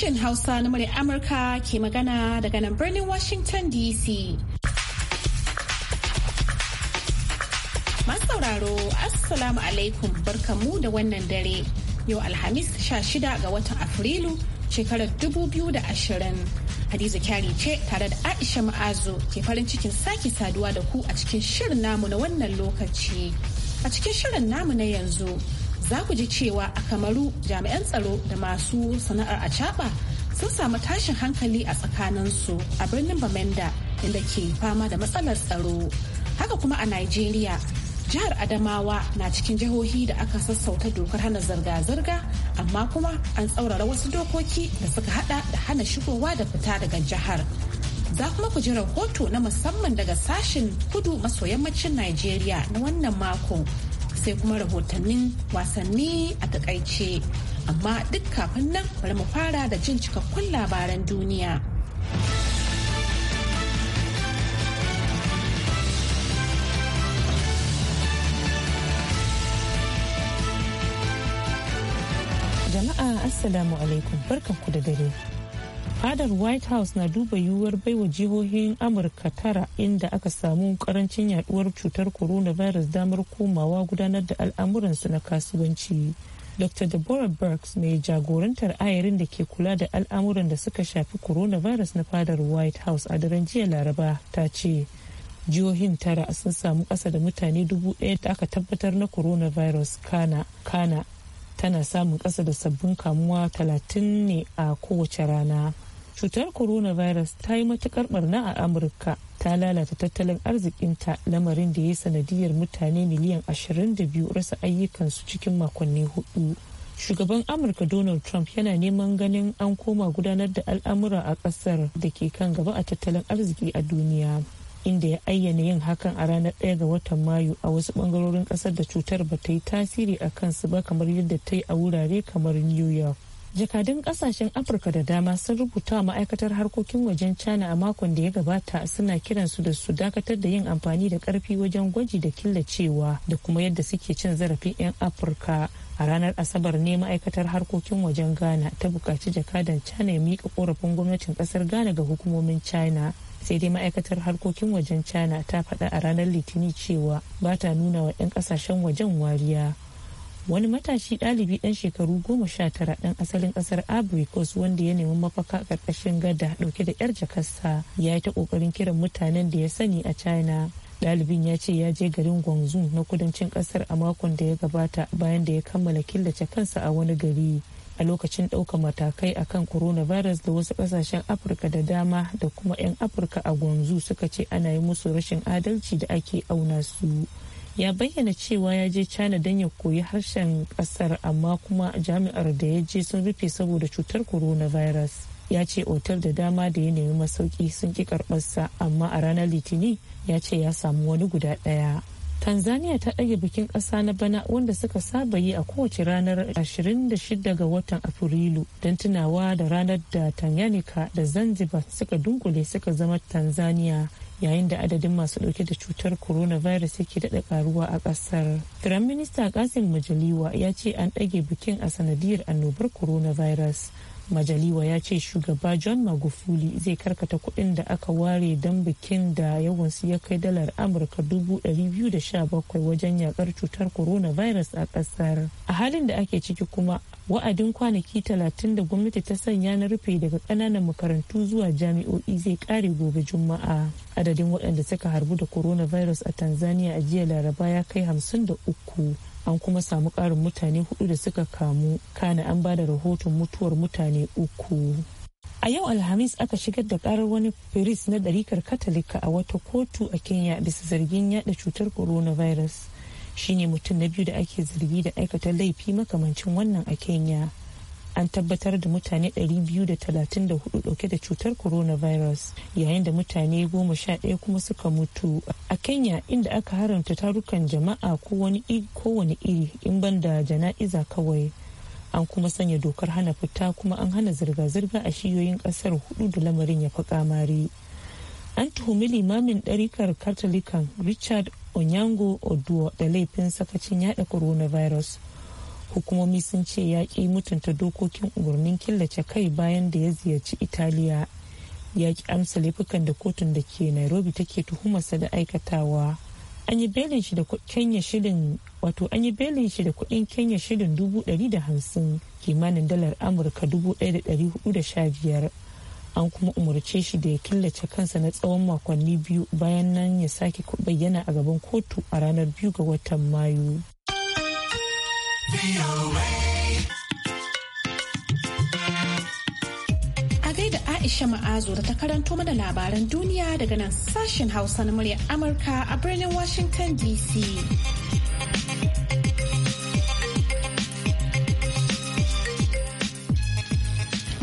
sashen Hausa na murya Amurka ke magana daga nan birnin Washington DC. Masu sauraro, Assalamu alaikum barkamu da wannan dare. Yau Alhamis 16 ga watan Afrilu shekarar 2020. Hadiza kyari ce tare da Aisha Ma'azu ke farin cikin sake saduwa da ku a cikin shirin namu na wannan lokaci. A cikin shirin namu na yanzu. za ku ji cewa a kamaru jami'an tsaro da masu sana'ar acaɓa sun samu tashin hankali a tsakaninsu a birnin bamenda inda ke fama da matsalar tsaro haka kuma a nigeria jihar adamawa na cikin jihohi da aka sassauta dokar hana zirga-zirga amma kuma an tsaurara wasu dokoki da suka hada da hana shigowa da fita daga jihar za kuma ku ji rahoto na musamman daga sashen kudu maso yammacin nigeria na wannan mako sai kuma rahotannin wasanni a takaice. Amma duk kafin nan bari mu fara da jin cikakkun labaran duniya. Jama'a Assalamu alaikum barkanku da dare. fadar white house na duba yiwuwar baiwa jihohin amurka tara inda aka samu karancin yaduwar cutar coronavirus damar komawa gudanar da al'amuransu na kasuwanci dr deborah burks mai jagorantar ayarin da ke kula da al'amuran da suka shafi coronavirus na fadar white house a daren jiya laraba ta ce jihohin tara sun samu kasa da mutane dubu ɗaya da aka tabbatar na coronavirus kana kana tana samun kasa da sabbin kamuwa talatin ne a kowace rana cutar coronavirus ta yi matukar barna a amurka ta lalata tattalin arzikinta lamarin da ya yi sanadiyar mutane miliyan 22 rasa ayyukansu cikin makonni hudu shugaban amurka donald trump yana neman ganin an koma gudanar da al'amura a kasar da ke kan gaba a tattalin arziki a duniya inda ya ayyana yin hakan a ranar 1 ga watan mayu a wasu bangarorin kasar da cutar ba ta yi tasiri a kansu ba kamar yadda ta yi a wurare kamar new york jakadun kasashen afirka da dama sun rubuta ma'aikatar harkokin wajen china a makon da ya gabata suna kiransu da su dakatar da yin amfani da karfi wajen gwaji da killacewa da kuma yadda suke cin zarafin 'yan afirka a ranar asabar ne ma'aikatar harkokin wajen ghana ta bukaci jakadan china ya mika korafin gwamnatin ƙasar ghana ga hukumomin china sai dai ma'aikatar harkokin wajen china ta faɗa a ranar litinin cewa ba ta nuna wa 'yan ƙasashen wajen wariya wani matashi ɗalibi ɗan shekaru goma sha tara ɗan asalin ƙasar abricos wanda ya nemi mafaka a ƙarƙashin gada ɗauke da yar jakarsa ya yi ta ƙoƙarin kiran mutanen da ya sani a china ɗalibin ya ce ya je garin guangzhou na kudancin ƙasar a makon da ya gabata bayan da ya kammala killace kansa a wani gari a lokacin ɗaukar matakai a akan coronavirus da wasu ƙasashen afirka da dama da kuma 'yan afirka a guangzhou suka ce ana yi musu rashin adalci da ake auna su ya bayyana cewa ya je china don ya koyi harshen kasar amma kuma jami'ar da ya je sun rufe saboda cutar coronavirus ya ce otal da dama da ya nemi masauki sun ki karbarsa amma a ranar litinin ya ce ya samu wani guda ɗaya tanzania ta ɗage bikin ƙasa na bana wanda suka saba yi a kowace ranar 26 ga watan afrilu don tunawa da ranar da tanganyika da zanzibar suka dunkule suka zama tanzania yayin da adadin masu dauke da cutar coronavirus yake daɗe karuwa a ƙasar. Firaminista Kasim Majaliwa ya ce an ɗage bikin a sanadiyar annobar coronavirus. majaliwa ya ce shugaba john magufuli zai karkata kuɗin da aka ware don bikin da yawansu ya kai dalar amurka dubu biyu da sha bakwai wajen yakar cutar coronavirus a ƙasar a halin da ake ciki kuma wa'adin kwanaki talatin da gwamnati ta sanya na rufe daga ƙananan makarantu zuwa jami'o'i zai ƙare gobe juma'a adadin waɗanda suka harbu da coronavirus a tanzania a jiya laraba ya kai hamsin da uku. an kuma samu ƙarin mutane hudu da suka kamu kana an ba da rahoton mutuwar mutane uku A yau Alhamis aka shigar da karar wani firis na ɗarikar Katolika a wata kotu a Kenya bisa zargin yada cutar coronavirus. Shi ne mutum na biyu da ake zargi da aikata laifi makamancin wannan a Kenya. an tabbatar da mutane 234 dauke da cutar coronavirus yayin da mutane 11 kuma suka mutu a kenya inda aka haramta tarukan jama'a ko wani iri in banda jana'iza kawai an kuma sanya dokar hana fita kuma an hana zirga-zirga a shiyoyin kasar hudu da lamarin ya fi kamari an tuhumi limamin ɗarikar katolikan richard onyango oduo da laifin sakacin yada coronavirus hukumomi sun ce ya ƙi mutunta dokokin umarnin killace kai bayan da ya ziyarci italiya ya ƙi amsa laifukan da kotun da ke nairobi take tuhumarsa da aikatawa an yi belin shi da kuɗin kenya shirin dubu ɗari da hamsin kimanin dalar amurka dubu ɗaya da ɗari hudu da sha an kuma umarce shi da ya killace kansa na tsawon makonni biyu bayan nan ya sake bayyana a gaban kotu a ranar biyu ga watan mayu A gaida Aisha Ma'azu da ta karanto mana labaran duniya daga nan sashen Hausa na murya Amurka a birnin Washington DC.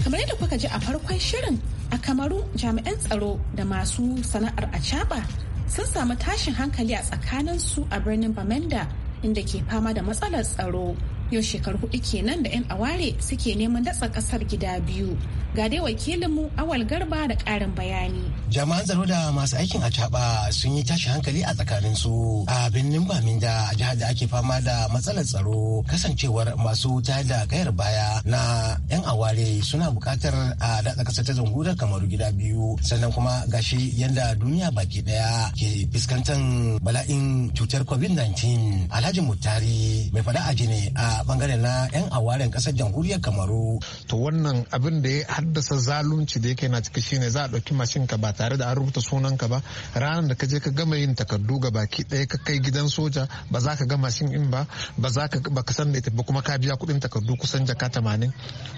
Kamar yadda kuka ji a farkon shirin a Kamaru jami'an tsaro da masu sana'ar acaɓa sun samu tashin hankali a tsakaninsu a birnin Bamenda inda ke fama da matsalar tsaro yau shekaru hudu kenan da 'yan aware suke neman datsa kasar gida biyu Ga dai mu Awal Garba da ƙarin bayani. Jami'an tsaro da masu aikin a caɓa sun yi tashi hankali a tsakanin su a birnin Baminda da jihar da ake fama da matsalar tsaro kasancewar masu ta da kayar baya na 'yan aware suna buƙatar a datsa ƙasar ta zangurar kamaru gida biyu sannan kuma gashi yadda duniya baki ɗaya ke fuskantar bala'in cutar covid-19 alhaji mutari mai faɗa a ne a bangaren na 'yan awaren ƙasar jamhuriyar kamaru. to wannan abin da ya haddasa zalunci da yake na ciki shine za a ɗauki mashin ka ba tare da an rubuta sunan ka ba ranar da ka je ka gama yin takardu ga baki ɗaya ka kai gidan soja ba za ka ga mashin in ba ba za ka ba ka san da ita ba kuma ka biya kuɗin takardu kusan jaka tamanin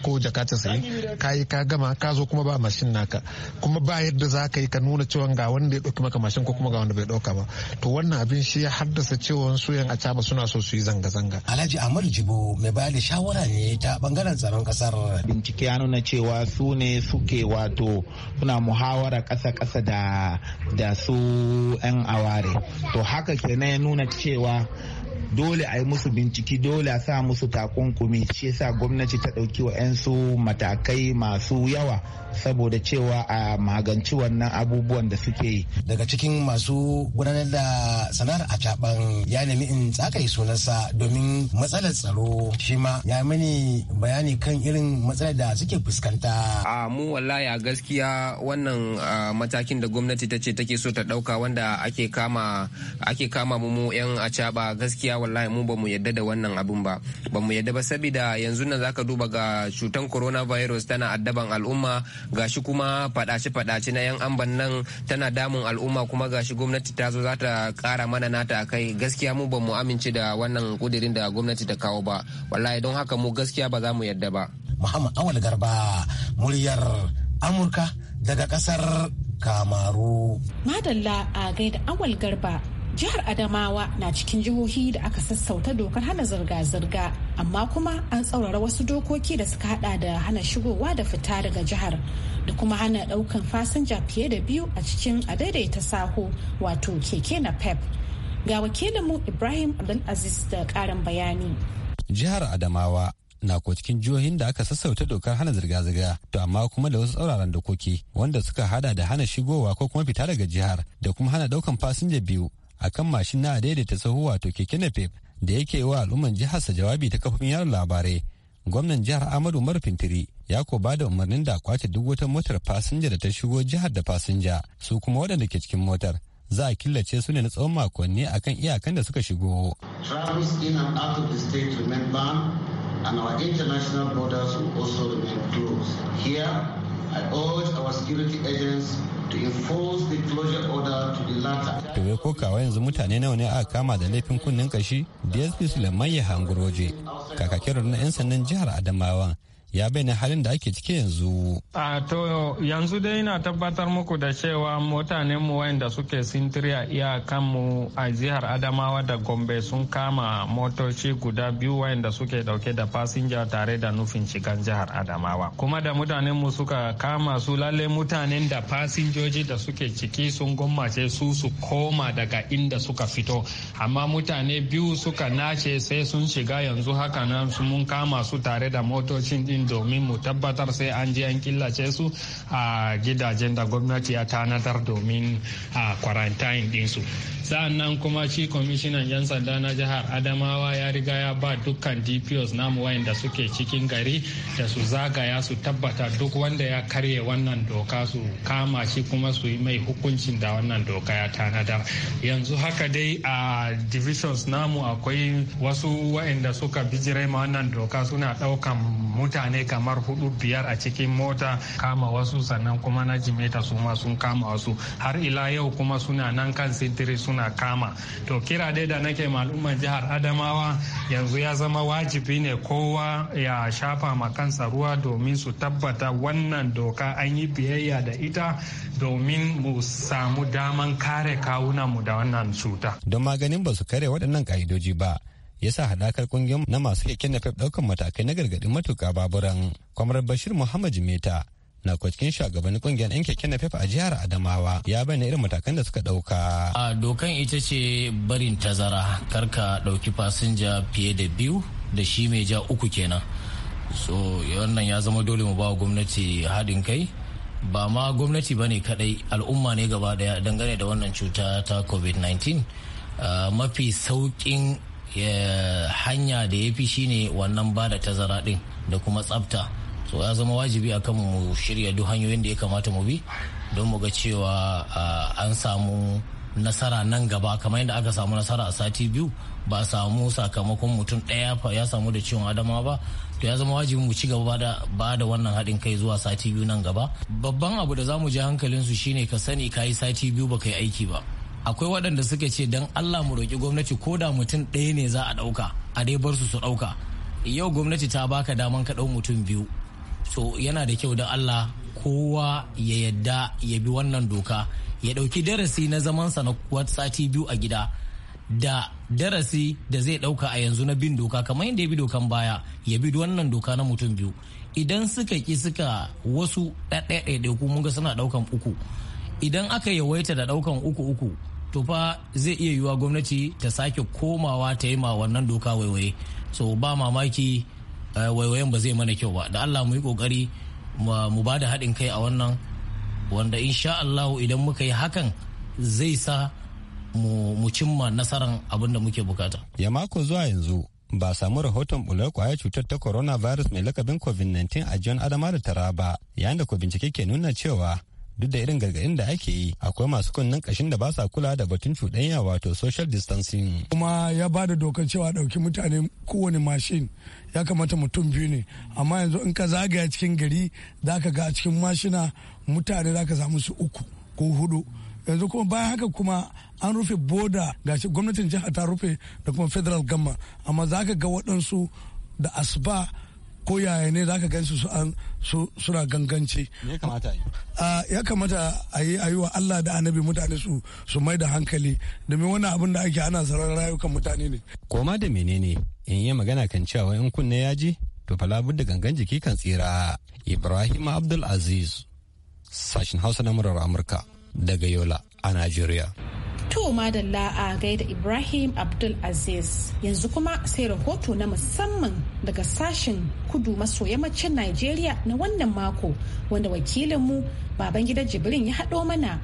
ko jaka casa'in ka yi ka gama ka zo kuma ba mashin naka kuma ba yadda za ka yi ka nuna cewa ga wanda ya dauki maka mashin ko kuma ga wanda bai ɗauka ba to wannan abin shi ya haddasa cewa su yan acaba suna so su yi zanga-zanga. Alhaji Ahmadu Jibo mai bayar da shawara ne ta bangaren tsaron kasar. Bincike ya nuna cewa su ne suke wato suna muhawara kasa kasa da su 'yan aware to haka kenan ya nuna cewa dole a yi musu binciki dole a sa musu takunkumi shi yasa gwamnati ta ɗauki wa 'yansu matakai masu yawa saboda cewa a magance wannan abubuwan da suke yi daga cikin masu gudanar da sana'ar a caban ya nemi in tsakai sunansa domin matsalar tsaro shi ma ya mini bayani kan irin matsalar da suke fuskanta a mu wallahi gaskiya wannan matakin da gwamnati ta ce take so ta ɗauka wanda ake kama mu 'yan a gaskiya gaskiya wallahi mu bamu yadda da wannan abun ba bamu yadda ba saboda yanzu nan zaka duba ga cutan coronavirus tana addaban al'umma gashi kuma fadace fadace na yan amban nan tana damun al'umma kuma gashi gwamnati ta zo za ta kara mana nata akai gaskiya mu bamu amince da wannan kudirin da gwamnati ta kawo ba wallahi don haka mu gaskiya ba za mu yadda ba Muhammad Awal Garba muryar Amurka daga kasar Kamaru. Madalla a gaida Awal Garba Jihar Adamawa na cikin jihohi da aka sassauta dokar hana zirga-zirga amma kuma an tsaurara wasu dokoki da suka hada da hana shigowa da fita daga jihar da kuma hana daukan fasinja fiye da biyu a cikin adaidaita saho wato keke na pep. Ga wakilinmu Ibrahim Abdulaziz da karin bayani. Jihar Adamawa na ko cikin jihohin da aka sassauta dokar hana zirga-zirga to amma kuma da wasu tsauraran dokoki wanda suka hada da hana shigowa ko kuma fita daga jihar da kuma hana daukan fasinja biyu akan mashin na daidaita saho wato keke napep da yake wa al'umman sa jawabi ta kafofin yara labarai gwamnan jihar amadu umar fintiri ya ko ba umarnin da kwace duk wata motar fasinja da ta shigo jihar da fasinja su kuma waɗanda ke cikin motar za a killace su ne na tsawon makonni a kan iyakan da suka shigo. Travels in and out of the state remain banned and our international borders will also remain closed. Here, I urge our security agents to enforce the order to the ko yanzu mutane nawa ne aka kama da laifin kunnen kashi DSP Suleiman Yahangurwaje kakakin na 'yan sandan jihar Adamawa ya bayyana halin da ake ciki yanzu. A to yanzu dai ina tabbatar muku da cewa mutanen mu wayanda suke sintiri a iyakan mu a jihar Adamawa da Gombe sun kama motoci guda biyu wayanda suke dauke da fasinja tare da nufin shigan jihar Adamawa. Kuma da mutanen mu suka kama su lalle mutanen da fasinjoji da suke ciki sun gwammace su su koma daga inda suka fito. Amma mutane biyu suka nace sai sun shiga yanzu haka nan mun kama su tare da motocin din din domin mu tabbatar sai an je an killace su a gidajen da gwamnati ya tanadar domin a quarantine dinsu nan kuma shi kwamishinan yan sanda na jihar adamawa ya riga ya ba dukkan dpos namu wayanda suke cikin gari da su zagaya su tabbata duk wanda ya karye wannan doka su kama shi kuma su yi mai hukuncin da wannan doka ya tanada yanzu haka dai a divisions namu akwai wasu wayanda suka bijirai ma wannan doka suna daukan mutane kamar hudu biyar a cikin mota kama wasu sannan kuma na jimeta su ma sun kama wasu har ila yau kuma suna nan kan sintiri suna suna kama to kira dai da nake al'ummar jihar adamawa yanzu ya zama wajibi ne kowa ya shafa ma kansa ruwa domin su tabbata wannan doka an yi biyayya da ita domin mu samu daman kare kawunanmu da wannan cuta don maganin ba su kare waɗannan ka'idoji ba ya sa haɗakar kungiyar na masu keke na ɗaukan matakai na gargaɗin matuƙa baburan kwamar bashir muhammad jimeta na kwacikin shugabannin kungiyar yan keke fefa a jihar adamawa ya bayyana irin matakan da suka dauka a dokan ita ce barin tazara karka dauki fasinja fiye da biyu da shi mai ja uku kenan so wannan ya zama dole mu ba wa gwamnati haɗin kai ba ma gwamnati ba ne kadai al'umma ne gaba daya dangane da wannan cuta ta covid-19 uh, mafi saukin eh, hanya da ya fi shine wannan ba da tazara din da kuma tsabta. so ya zama wajibi akan mu shirya duk hanyoyin da ya kamata mu bi don mu ga cewa an samu nasara nan gaba kamar yadda aka samu nasara a sati biyu ba a samu sakamakon mutum ɗaya ya samu da ciwon adama ba to ya zama wajibi mu ci gaba ba da wannan haɗin kai zuwa sati biyu nan gaba babban abu da za mu ji su shine ka sani ka yi sati biyu ba ka yi aiki ba akwai waɗanda suka ce dan allah mu roƙi gwamnati ko da mutum ɗaya ne za a ɗauka a dai bar su su ɗauka yau gwamnati ta baka daman ka ɗau mutum biyu so yana da kyau da allah kowa ya yadda ya bi wannan doka ya dauki darasi na zaman sa na sati biyu a gida da darasi da zai dauka a yanzu na bin doka kamar yadda ya bi dokan baya ya bi wannan doka na mutum biyu idan suka ki suka wasu ɗaiɗaiɗaiku mun ga suna daukan uku idan aka yawaita da ɗaukan uku uku to fa zai iya yiwuwa gwamnati ta sake komawa ta yi ma wannan doka waiwaye so ba mamaki Eh, waiwayen ba zai mana kyau ba da Allah mu yi kokari mu ba da haɗin kai a wannan wanda insha Allah idan muka yi hakan zai sa mu cimma nasarar abin da muke bukata. Ya mako zuwa yanzu ba samu rahoton bular kwayar cutar ta coronavirus mai lakabin covid-19 a john adama da taraba yayin da ko bincike ke nuna cewa duk da irin gargadin da ake yi akwai masu kunnen kashin da ba sa kula da batun cuɗanya wato social distancing kuma ya ba da dokar cewa ɗauki mutane kowane mashin ya kamata mutum biyu ne amma yanzu in ka zagaya cikin gari za ka ga cikin mashina mutane za ka samu su uku ko hudu yanzu kuma bayan haka kuma an rufe boda gashi gwamnatin jiha ta rufe da kuma federal gama amma za ka ga waɗansu da asuba ko yaya ne za ka gan su suna ganganci ya kamata a yi wa Allah da annabi mutane su su mai da hankali domin wani abin da ake ana sarar rayukan mutane ne koma da menene in yi magana kan cewa in kunne ya ji to fa da gangan jiki kan tsira Ibrahim abdulaziz sashen Hausa na murar Amurka daga Yola a nigeria. To da a gaida Ibrahim Abdul Aziz. Yanzu kuma sai rahoto na musamman daga sashen kudu maso yammacin Najeriya na wannan mako wanda wakilinmu Babangida Jibrin ya haɗo mana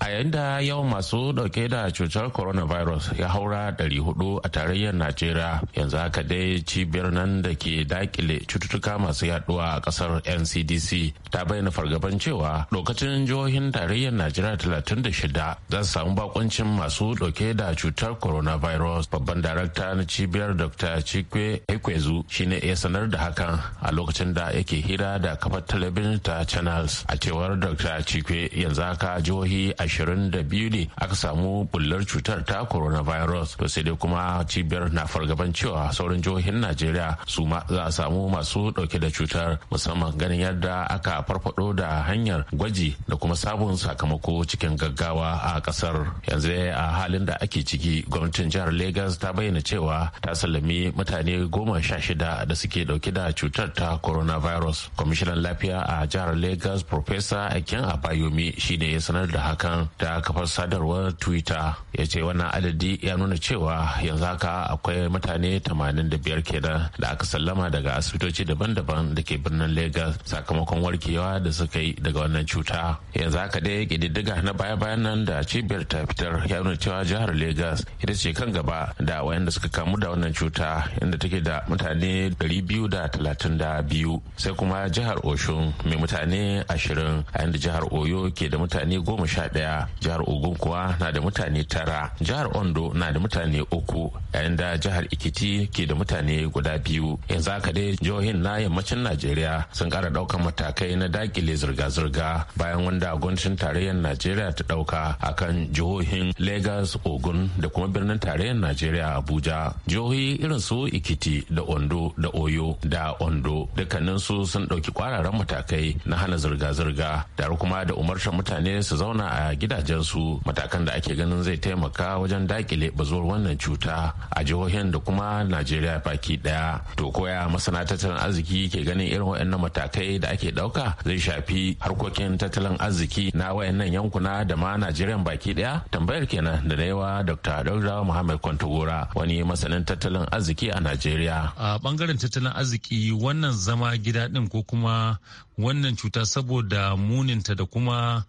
a yayin da yawan masu dauke da cutar coronavirus ya haura 400 a tarayyar najeriya yanzu haka dai cibiyar nan da ke dakile cututtuka masu yaduwa a kasar ncdc ta bayyana fargaban cewa lokacin jihohin tarayyar najeriya 36 za su samu bakoncin masu dauke da cutar coronavirus babban darakta na cibiyar dr chikwe ekwezu shine ya sanar da hakan a lokacin da yake hira da kafar talabijin ta channels a cewar dr chikwe yanzu haka jihohi a da biyu ne aka samu bullar cutar ta coronavirus to sai dai kuma cibiyar na fargaban cewa sauran jihohin najeriya su ma za a samu masu dauke da cutar musamman ganin yadda aka farfado da hanyar gwaji da kuma sabon sakamako cikin gaggawa a kasar yanzu a halin da ake ciki gwamnatin jihar lagos ta bayyana cewa ta sallami mutane goma sha shida da suke dauke da cutar ta coronavirus kwamishinan lafiya a jihar lagos professor akin abayomi shine ya sanar da hakan ta kafar sadarwar twitter ya ce wannan adadi ya nuna cewa yanzu haka akwai mutane 85 kenan da aka sallama daga asibitoci daban-daban da ke birnin legas sakamakon warkewa da suka yi daga wannan cuta yanzu haka dai kididdiga na baya-bayan nan da cibiyar ta fitar ya nuna cewa jihar Legas ita ce kan gaba da wayanda suka kamu da wannan cuta inda take da mutane 232 sai kuma jihar oshun mai mutane 20 a yanda jihar oyo ke da mutane 11 daya jihar ogun kuwa na da mutane tara jihar ondo na da mutane uku yayin da jihar ikiti ke da mutane guda biyu yanzu haka dai jihohin na yammacin najeriya sun kara daukan matakai na dakile zirga-zirga bayan wanda gwamnatin tarayyar najeriya ta dauka akan jihohin lagos ogun da kuma birnin tarayyar najeriya abuja jihohi irin su ikiti da ondo da oyo da ondo dukkaninsu sun dauki kwararan matakai na hana zirga-zirga tare kuma da umartar mutane su zauna a gidajensu matakan da ake ganin zai taimaka wajen dakile bazuwar wannan cuta a jihohin da kuma najeriya baki daya to koya masana tattalin arziki ke ganin irin waɗannan matakai da ake ɗauka zai shafi harkokin tattalin arziki na wayannan yankuna da ma najeriya baki daya tambayar kenan da na yawa dr dauda muhammad kwantogora wani masanin tattalin arziki a najeriya a bangaren tattalin arziki wannan zama gida din ko kuma wannan cuta saboda muninta da kuma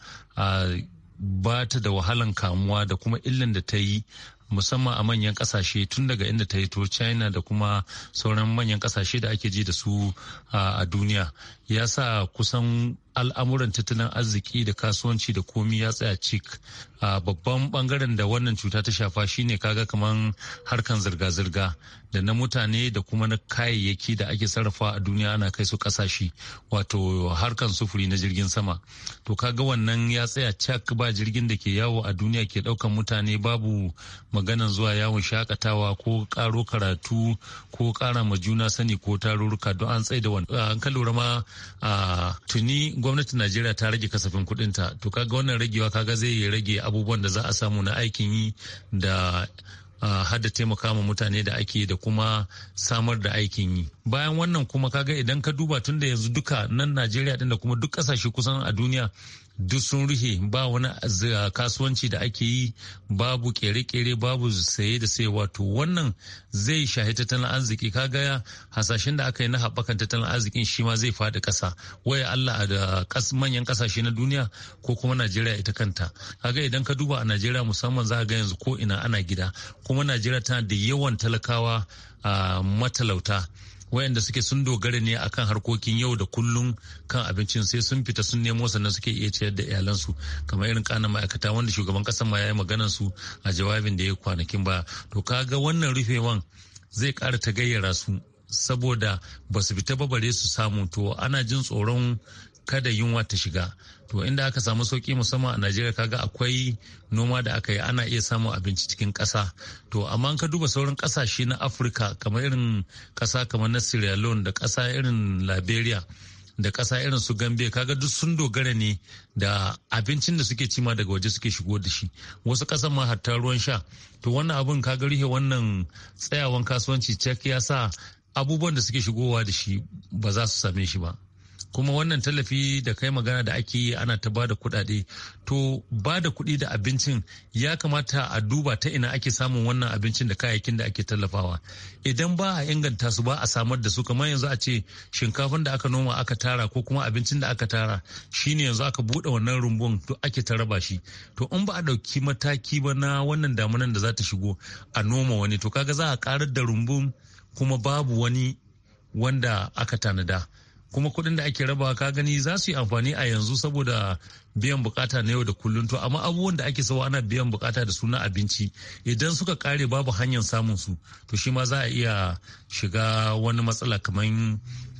ba ta da wahalan kamuwa da kuma illan da ta yi musamman a manyan kasashe tun daga inda ta to china da kuma sauran manyan kasashe da ake ji da su a duniya ya sa kusan al'amuran tattalin arziki da kasuwanci da komi ya tsaya cik a babban bangaren da wannan cuta ta shafa shine kaga kamar harkan zirga-zirga da na mutane da kuma na kayayyaki da ake sarrafa a duniya ana kai su kasashe wato harkan sufuri na jirgin sama to kaga wannan ya tsaya cak ba jirgin da ke yawo a duniya ke daukan mutane babu maganan zuwa yawon shakatawa ko karo karatu ko kara ma juna sani ko tarurruka don an tsaye da wannan an ka tuni gwamnatin najeriya ta rage kasafin ta to kaga wannan ragewa kaga zai rage abubuwan da za a samu na aikin yi da Uh, har taimaka ma mutane da ake da kuma samar da aikin yi bayan wannan kuma kaga idan ka duba tun da yanzu duka nan najeriya din da kuma duk kasashe kusan a duniya duk sun rufe ba wani kasuwanci da ake yi babu kere-kere babu saye da saye wato wannan zai shahi tattalin arziki gaya hasashen da aka yi na haɓakan tattalin arzikin shi ma zai faɗi ƙasa waya Allah a da manyan ƙasashe na duniya ko kuma Najeriya ita kanta kaga idan ka duba a Najeriya musamman za ga yanzu ko ina ana gida kuma Najeriya tana da yawan talakawa ah, matalauta wayanda suke sun dogara ne akan harkokin yau da kullum kan abincin sai sun fita sun nemo sannan suke iya ciyar da iyalansu kamar irin kana ma'aikata wanda shugaban kasan ma ya yi maganar su a jawabin da ya kwanakin ba to kaga wannan rufewan zai kara tagayyara su saboda ba su fita babare su samu to ana jin tsoron kada yunwa ta shiga to inda aka samu sauki musamman a najeriya kaga akwai noma da aka yi ana iya samun abinci cikin ƙasa to amma ka duba sauran ƙasashe na afirka kamar irin ƙasa kamar na sierra leone da ƙasa irin liberia da ƙasa irin su gambe kaga duk sun dogara ne da abincin da suke cima daga waje suke shigo da shi wasu ƙasan ma hatta ruwan sha to wannan abin kaga rihe wannan tsayawan kasuwanci cek ya sa abubuwan da suke shigowa da shi ba za su same shi ba kuma wannan tallafi da kai magana da ake yi ana ta bada kuɗaɗe to bada kuɗi da abincin ya kamata a duba ta ina ake samun wannan abincin da kayayyakin da ake tallafawa idan ba a inganta su ba a samar da su kamar yanzu a ce shinkafin da aka noma aka tara ko kuma abincin da aka tara shine yanzu aka buɗe wannan rumbun to ake ta raba shi to in ba a ɗauki mataki ba na wannan damunan da za ta shigo a noma wani to kaga za a karar da rumbun kuma babu wani wanda aka tanada kuma kuɗin da ake rabawa ka gani za su yi amfani a yanzu saboda biyan bukata na yau da kullum to amma abubuwan da ake sawa ana biyan bukata da suna abinci idan suka kare babu hanyar samun su to shi ma za a iya shiga wani matsala kamar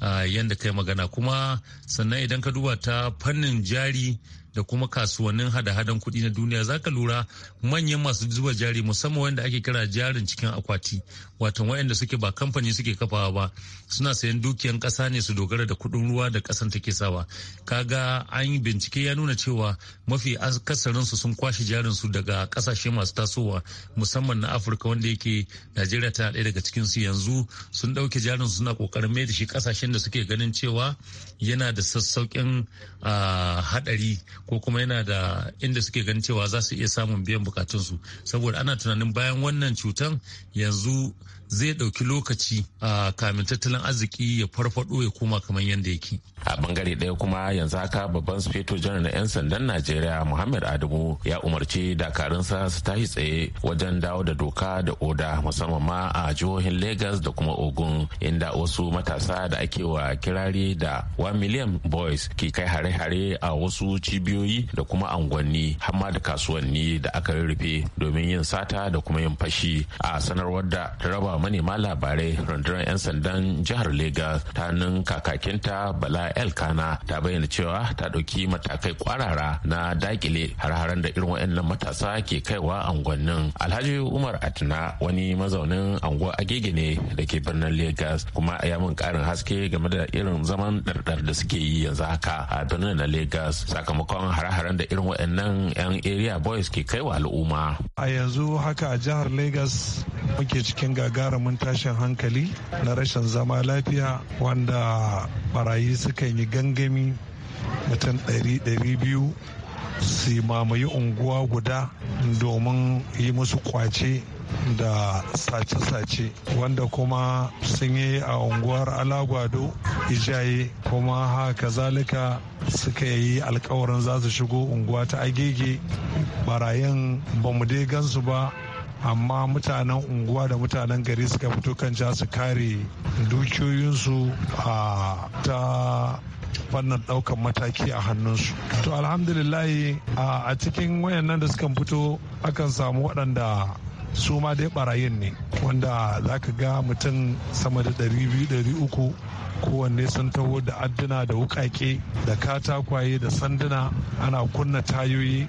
ah, yadda kai magana kuma sannan idan ka duba ta fannin jari da kuma kasuwannin hada-hadan kuɗi na duniya za ka lura manyan masu zuba jari musamman wanda ake kira jarin cikin akwati wato wayanda suke ba kamfani suke kafawa ba suna sayan dukiyan ƙasa ne su dogara da kuɗin ruwa da ƙasan take sawa kaga an yi bincike ya nuna cewa mafi akasarin su sun kwashe jarin su daga ƙasashe masu tasowa musamman na Afirka wanda yake Najeriya tana daya daga cikin su yanzu sun ɗauke jarin su suna kokarin mai da shi kasashen da suke ganin cewa yana da sassauƙin haɗari ko kuma yana da inda suke ganin cewa za su iya samun biyan bukatunsu saboda ana tunanin bayan wannan cutan yanzu zai ɗauki lokaci a kamin tattalin arziki ya farfaɗo ya koma kamar yadda yake. A bangare ɗaya kuma yanzu haka babban sufeto janar na 'yan sandan Najeriya Muhammad Adamu ya umarci dakarunsa su tashi tsaye wajen dawo da doka da oda musamman ma a jihohin Legas da kuma Ogun inda wasu matasa da ake wa kirari da 1 million boys ke kai hare-hare a wasu cibiyoyi da kuma angwanni hama da kasuwanni da aka rurrufe domin yin sata da kuma yin fashi a sanarwar da raba manema labarai rundunar 'yan sandan jihar Legas ta nun kakakinta Bala Elkana ta bayyana cewa ta ɗauki matakai kwarara na dakile har-haren da irin wa'annan matasa ke kaiwa angonnin. Alhaji Umar Atina wani mazaunin anguwa Agege ne da ke birnin Legas kuma ya mun ƙarin haske game da irin zaman ɗarɗar da suke yi yanzu haka a birnin na Legas sakamakon har-haren da irin wa'annan 'yan area boys ke kaiwa al'umma. A yanzu haka a jihar Legas muke cikin gagarumin tashin hankali na rashin zama lafiya wanda barayi suka yi gangami mutum 200 su mamaye unguwa guda domin yi musu kwace da sace-sace wanda kuma sun yi a unguwar alagwado ijaye kuma haka zalika suka yi alkawarin za su shigo unguwa ta agege barayin ba mu dai gansu ba amma mutanen unguwa da mutanen gari suka fito kan ja su kare dukiyoyinsu a ta fannin daukan mataki a hannunsu to alhamdulillahi a cikin wayannan da suka fito akan samu waɗanda su ma dai barayin ne wanda za ka ga mutum sama da 200-300 kowanne sun taho da adduna da wukake da katakwaye da sanduna ana kunna tayoyi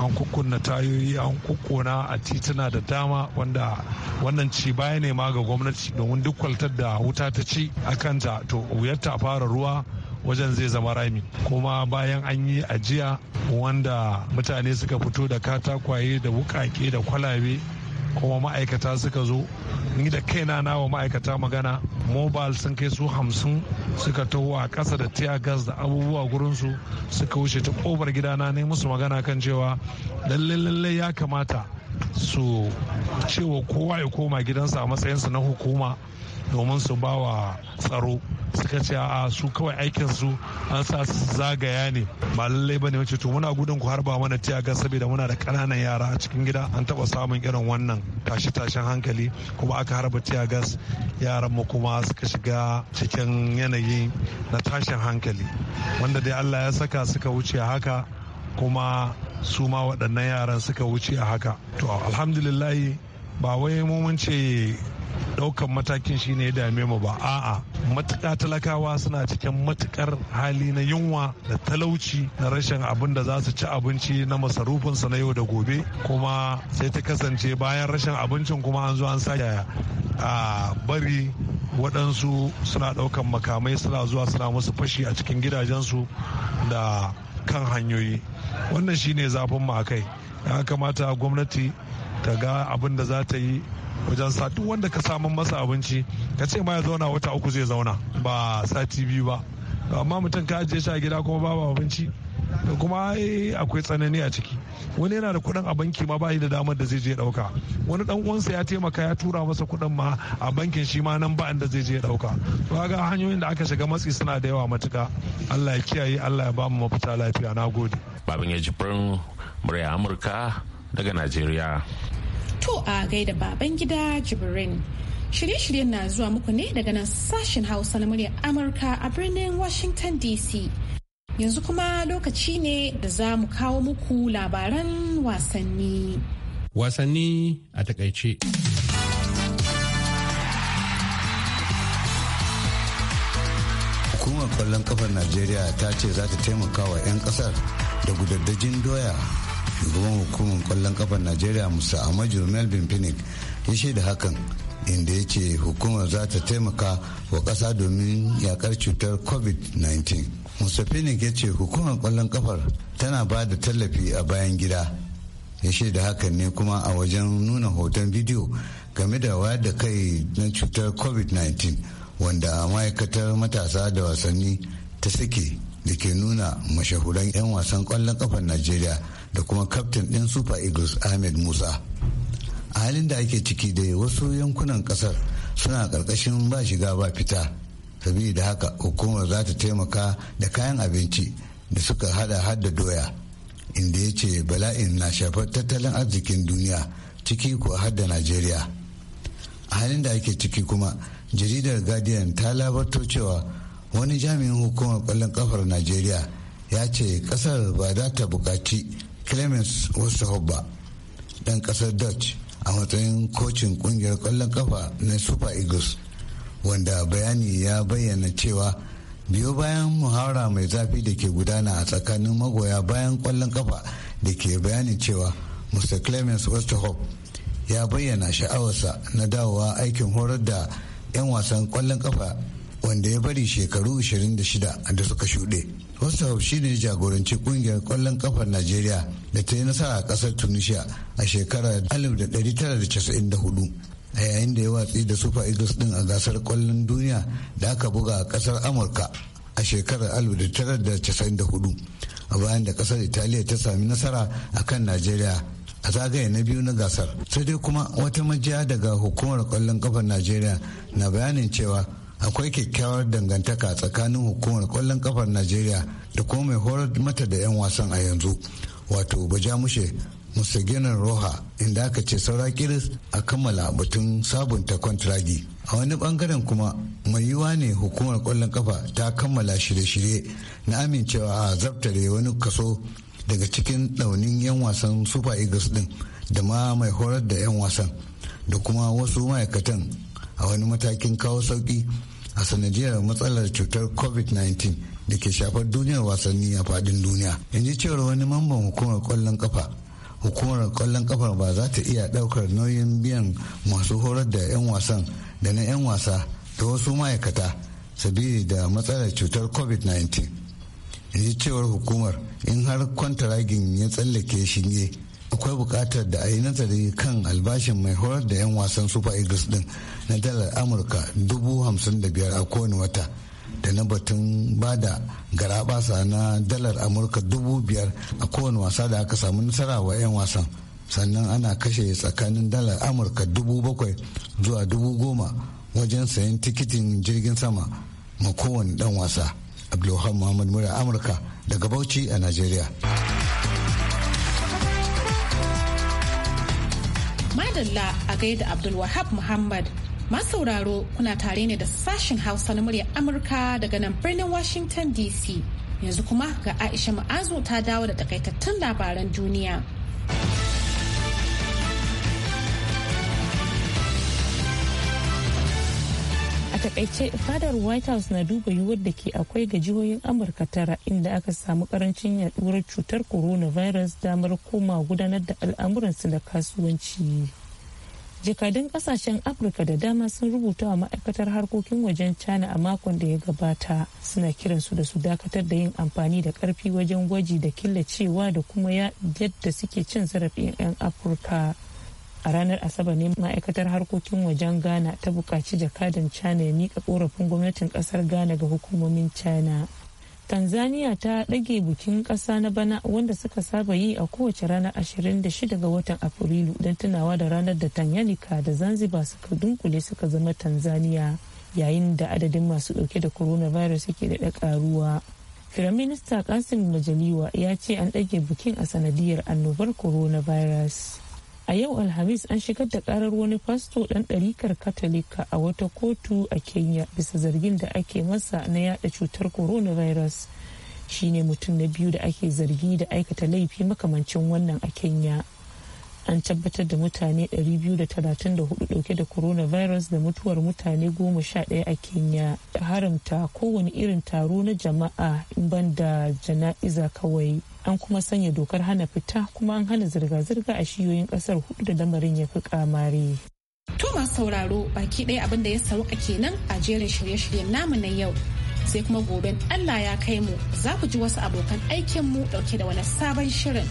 an kukkuna tayoyi an kukkuna a tituna da dama wanda wannan ci baya ne ma ga gwamnati domin duk kwaltar da wuta ta ci a kanta to wuyar ta fara ruwa wajen zai zama rami kuma bayan an yi ajiya wanda mutane suka fito da katakwaye da wukake da kwalabe kuma ma'aikata suka zo ni da kaina na wa ma'aikata magana mobile sun kai su hamsin suka taho a ƙasa da tear gas da abubuwa gurinsu suka wuce ta ƙofar gidana ne musu magana kan cewa lallai lallai ya kamata su cewa kowa ya koma gidansa a su na hukuma domin su ba wa tsaro suka ce a su kawai aikin su an sa su zagaya ne ba lallai bane wace to muna gudun ku harba mana tiya ga saboda muna da kananan yara a cikin gida an taba samun irin wannan tashi tashin hankali kuma aka harba tiya gas yaran mu kuma suka shiga cikin yanayi na tashin hankali wanda dai Allah ya saka suka wuce haka kuma su ma waɗannan yaran suka wuce a haka to alhamdulillahi ba wai mun ce daukan matakin shine ne dame mu ba a'a matuƙa talakawa suna cikin matuƙar hali na yunwa da talauci na rashin abin da za su ci abinci na masarufinsa na yau da gobe kuma sai ta kasance bayan rashin abincin kuma an zo an sake a bari waɗansu suna ɗaukan makamai suna zuwa suna musu fashi a cikin gidajensu da kan hanyoyi wannan shine zafin mu kai ya kamata gwamnati ta ga abin da za ta yi wajen sa duk wanda ka samun masa abinci ka ce ma ya zauna wata uku zai zauna ba sati biyu ba amma mutum ka ajiye shi a gida kuma babu abinci da kuma eh, akwai tsanani a ciki wani yana da kuɗin a banki ma ba da damar da zai je ɗauka wani dan uwansa ya taimaka ya tura masa kuɗin ma a bankin shi ma nan ba da zai je ɗauka to ga hanyoyin da aka shiga matsi suna da yawa matuka Allah ya kiyaye Allah ya ba mu mafita lafiya na gode babin ya jibrin murya Amurka daga Najeriya to a gaida baban gida Jibrin Shirye-shiryen na zuwa muku ne daga nan sashen Hausa na murya Amurka a birnin Washington DC. Yanzu kuma lokaci ne da za mu kawo muku labaran wasanni. Wasanni a takaice. Hukumar kwallon kafar Najeriya ta ce za ta taimaka wa 'yan kasar da gudaddajin doya. Shugaban hukumar kwallon kafar Najeriya Musa Amaju Melvin Pinnick ya shaida hakan inda ya ce hukumar za ta taimaka wa ƙasa domin yakar cutar COVID-19. musafinik ya ce hukumar kwallon kafar tana ba da tallafi a bayan gida ya da hakan ne kuma a wajen nuna hoton bidiyo game da wayar da kai na cutar covid-19 wanda ma'aikatar matasa da wasanni ta sake da ke nuna mashahuran 'yan wasan kwallon kafar najeriya da kuma kaftin ɗin super eagles ahmed musa a halin da ake ciki da wasu yankunan kasar suna ƙarƙashin ba shiga ba fita sabida haka hukumar za ta taimaka da kayan abinci da suka hada hada doya inda ya ce bala'in na shafar tattalin arzikin duniya ciki ko har najeriya a halin da ake ciki kuma jaridar guardian ta labarto cewa wani jami'in hukumar kwallon kafar najeriya ya ce kasar ba za ta bukaci clemens wasu ba dan kasar dutch a matsayin kocin kungiyar kwallon kafa na super eagles wanda bayani ya bayyana cewa biyo bayan muhawara mai zafi da ke gudana a tsakanin magoya bayan kwallon kafa da ke bayanin cewa mr clemens westerhoff ya bayyana sha'awarsa na dawowa aikin horar da 'yan wasan kwallon kafa wanda ya bari shekaru 26 da suka shuɗe. Hostahov shi ne jagoranci ƙungiyar kwallon kafar Najeriya da ta yi nasara a ƙasar Tunisia a shekarar 1994 a yayin da ya watsi da super eagles din a gasar kwallon duniya da aka buga a kasar amurka a shekarar da 1994 a bayan da kasar italiya ta sami nasara a kan najeriya a zagaye na biyu na gasar sai dai kuma wata majiya daga hukumar kwallon kafar najeriya na bayanin cewa akwai kyakkyawar dangantaka tsakanin hukumar kwallon kafar najeriya da kuma mai horar mata da 'yan wasan a yanzu wato bajamushe musagenan roha inda aka ce saura kiris a kammala batun sabunta kwantiragi a wani bangaren kuma mai yiwuwa ne hukumar kwallon kafa ta kammala shirye-shirye na amincewa a zartare wani kaso daga cikin daunin 'yan wasan super eagles din da ma mai horar da 'yan wasan da kuma wasu ma'aikatan a wani matakin kawo sauki a sanadiyar matsalar cutar covid-19 da ke shafar duniyar wasanni a fadin duniya in ji cewar wani mamban hukumar kwallon kafa hukumar kwallon kafar ba za ta iya daukar nauyin biyan masu horar da 'yan wasan da na 'yan wasa da wasu ma'aikata sabili da matsalar cutar covid-19 yanzu cewar hukumar in har kwantaragin ya tsallake shi ne akwai bukatar da a yi nazari kan albashin mai horar da 'yan wasan super eagles din na dalar amurka dubu hamsin da biyar a kowane wata da na batun bada garaɓasa na dalar amurka dubu biyar a kowane wasa da aka samu nasara wa 'yan wasan sannan ana kashe tsakanin dalar amurka dubu bakwai zuwa dubu goma wajen sayan tikitin jirgin sama ma kowane dan wasa abdulhamid muhammad mura amurka daga bauchi a nigeria madalla a gaida abdulwahab muhammad Masu sauraro kuna tare ne da sashen Hausa na muryar Amurka daga nan birnin Washington DC. Yanzu kuma ga Aisha Ma'azu ta dawo da takaitattun labaran duniya. a takaice fadar white house na duba yiwuwar da ke akwai ga jihohin amurka tara inda aka samu karancin yaduwar cutar coronavirus damar koma gudanar da al'amuransu da kasuwanci jakadun kasashen afirka da dama sun rubuta wa ma'aikatar harkokin wajen china a makon da ya gabata suna kiransu da su dakatar da yin amfani da karfi wajen gwaji da killacewa da kuma yadda suke cin zarafin 'yan afirka a ranar asabar ne ma'aikatar harkokin wajen ghana ta bukaci jakadan china ya mika korafin gwamnatin kasar ghana ga hukumomin china tanzania ta ɗage bikin ƙasa na bana wanda suka saba yi a kowace ranar 26 ga watan afrilu don tunawa da ranar da tanganyika da zanzibar suka dunkule suka zama tanzania yayin da adadin masu ɗauke da coronavirus yake daɗa ƙaruwa firaminista kasim majaliwa ya ce an ɗage bikin a sanadiyar annobar coronavirus a yau alhamis an shigar da karar wani fasto dan ɗarikar katolika a wata kotu a kenya bisa zargin da ake masa na yada cutar coronavirus shine mutum na biyu da ake zargi da aikata laifi makamancin wannan a kenya an tabbatar da mutane 234 dauke da coronavirus da mutuwar mutane 11 a kenya da haramta kowane irin taro na jama'a ban da jana'iza kawai an kuma sanya dokar hana fita kuma an hana zirga-zirga a shiyoyin kasar hudu da lamarin ya fi kamari to masu sauraro baki ɗaya abin da ya sauka kenan a jerin shirye-shiryen namu na yau sai kuma goben allah ya kai mu za ku ji wasu abokan aikinmu dauke da wani sabon shirin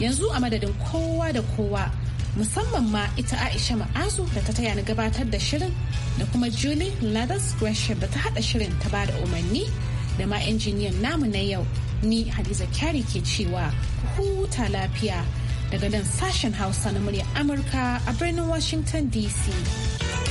yanzu a madadin kowa da kowa musamman ma ita aisha ma'azu da ta taya ni gabatar da shirin da kuma julie ladas gresham da ta hada shirin ta ba da umarni da ma injiniyan namu na yau ni hadiza kyari ke cewa huta lafiya daga nan sashen hausa na murya amurka a birnin washington dc